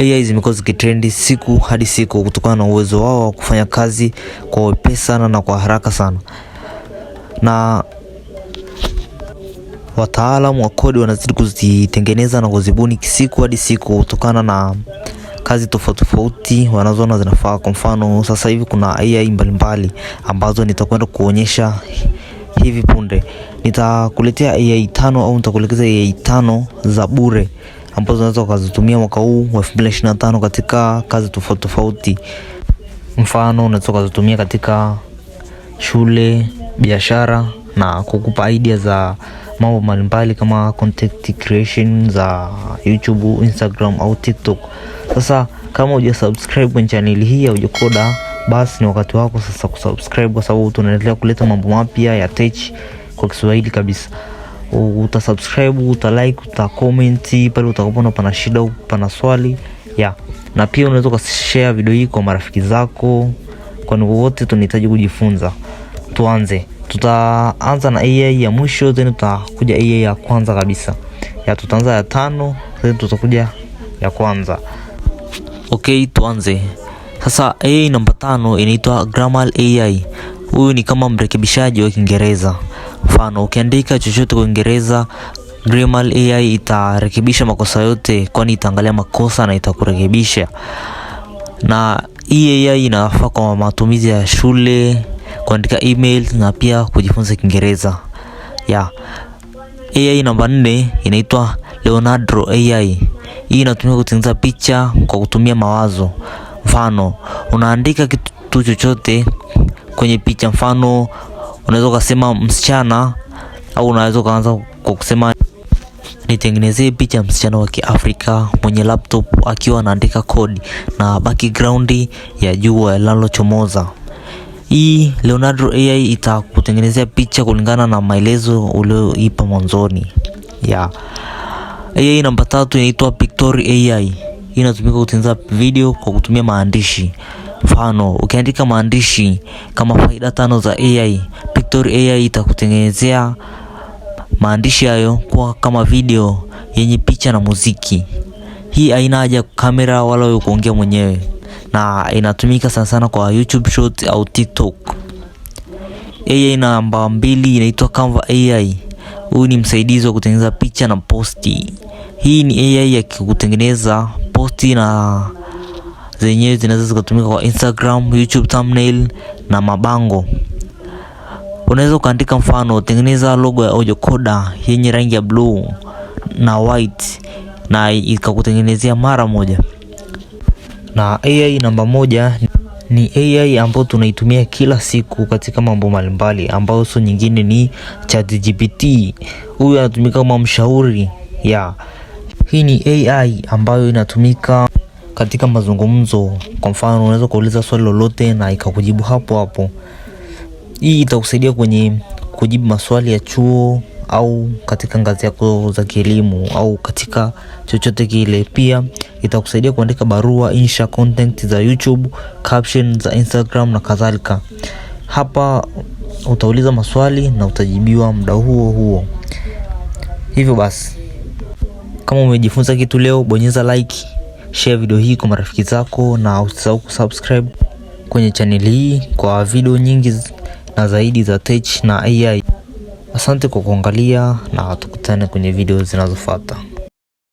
AI zimekuwa zikitrendi siku hadi siku kutokana na uwezo wao wa kufanya kazi kwa wepesi sana na kwa haraka sana, na wataalamu wa kodi wanazidi kuzitengeneza na kuzibuni siku hadi siku kutokana na kazi tofauti tofauti wanazoona zinafaa. Kwa mfano, sasa hivi kuna AI mbalimbali ambazo nitakwenda kuonyesha hivi punde. Nitakuletea AI tano au nitakuelekeza AI tano za bure ambazo unaweza ukazitumia mwaka huu wa 2025 katika kazi tofauti tofauti. Mfano, unaweza ukazitumia katika shule, biashara na kukupa idea za mambo mbalimbali kama content creation za YouTube, Instagram au TikTok. Sasa kama uja subscribe kwenye channel hii ya Ujakoda, basi ni wakati wako sasa kusubscribe, kwa sababu tunaendelea kuleta mambo mapya ya tech kwa Kiswahili kabisa utasubscribe, utalike, utacomment pale utakapoona pana shida au pana swali ya Na pia unaweza ukashare video hii kwa marafiki zako, kwani wote tunahitaji kujifunza. Tuanze, tutaanza na AI ya mwisho, then tutakuja AI ya kwanza kabisa ya, tutaanza ya tano, then tutakuja ya kwanza. Okay, tuanze sasa. AI namba tano inaitwa Grammar AI. Huyu ni kama mrekebishaji wa Kiingereza. Mfano, ukiandika chochote kwa Kiingereza Grammar AI itarekebisha makosa yote, kwani itaangalia makosa na itakurekebisha. Na hii AI inafaa kwa matumizi ya shule, kuandika email na pia kujifunza Kiingereza ya yeah. AI namba nne inaitwa Leonardo AI. Hii inatumika kutengeneza picha kwa kutumia mawazo. Mfano, unaandika kitu chochote kwenye picha. Mfano, unaweza ukasema msichana, au unaweza ukaanza kwa kusema nitengenezee picha msichana wa Kiafrika mwenye laptop akiwa anaandika kodi na background ya jua linalochomoza. Hii Leonardo AI itakutengenezea picha kulingana na maelezo ulioipa mwanzoni ya yeah. AI namba tatu inaitwa Pictory AI. Hii inatumika kutengeneza video kwa kutumia maandishi. Mfano, ukiandika maandishi kama faida tano za AI, Pictor AI itakutengenezea maandishi hayo kuwa kama video yenye picha na muziki. Hii haina haja kamera wala wewe kuongea mwenyewe, na inatumika sana sana kwa YouTube short au TikTok. AI namba mbili inaitwa Canva AI. Huyu ni msaidizi wa kutengeneza picha na posti. Hii ni AI ya kutengeneza posti na zenyewe zinaweza zikatumika kwa Instagram, YouTube thumbnail na mabango. Unaweza ukaandika mfano, tengeneza logo ya ojokoda yenye rangi ya bluu na white na ikakutengenezea mara moja. Na AI namba moja ni AI ambayo tunaitumia kila siku katika mambo mbalimbali, ambayo so nyingine ni ChatGPT. Huyu anatumika kama mshauri ya yeah. Hii ni AI ambayo inatumika katika mazungumzo. Kwa mfano, unaweza kuuliza swali lolote na ikakujibu hapo hapo. Hii itakusaidia kwenye kujibu maswali ya chuo au katika ngazi yako za kielimu au katika chochote kile. Pia itakusaidia kuandika barua, insha, content za YouTube, caption za Instagram na kadhalika. Hapa utauliza maswali na utajibiwa muda huo huo. Hivyo basi, kama umejifunza kitu leo, bonyeza like share video hii kwa marafiki zako, na usisahau kusubscribe kwenye channel hii kwa video nyingi na zaidi za tech na AI. Asante kwa kuangalia na tukutane kwenye video zinazofuata.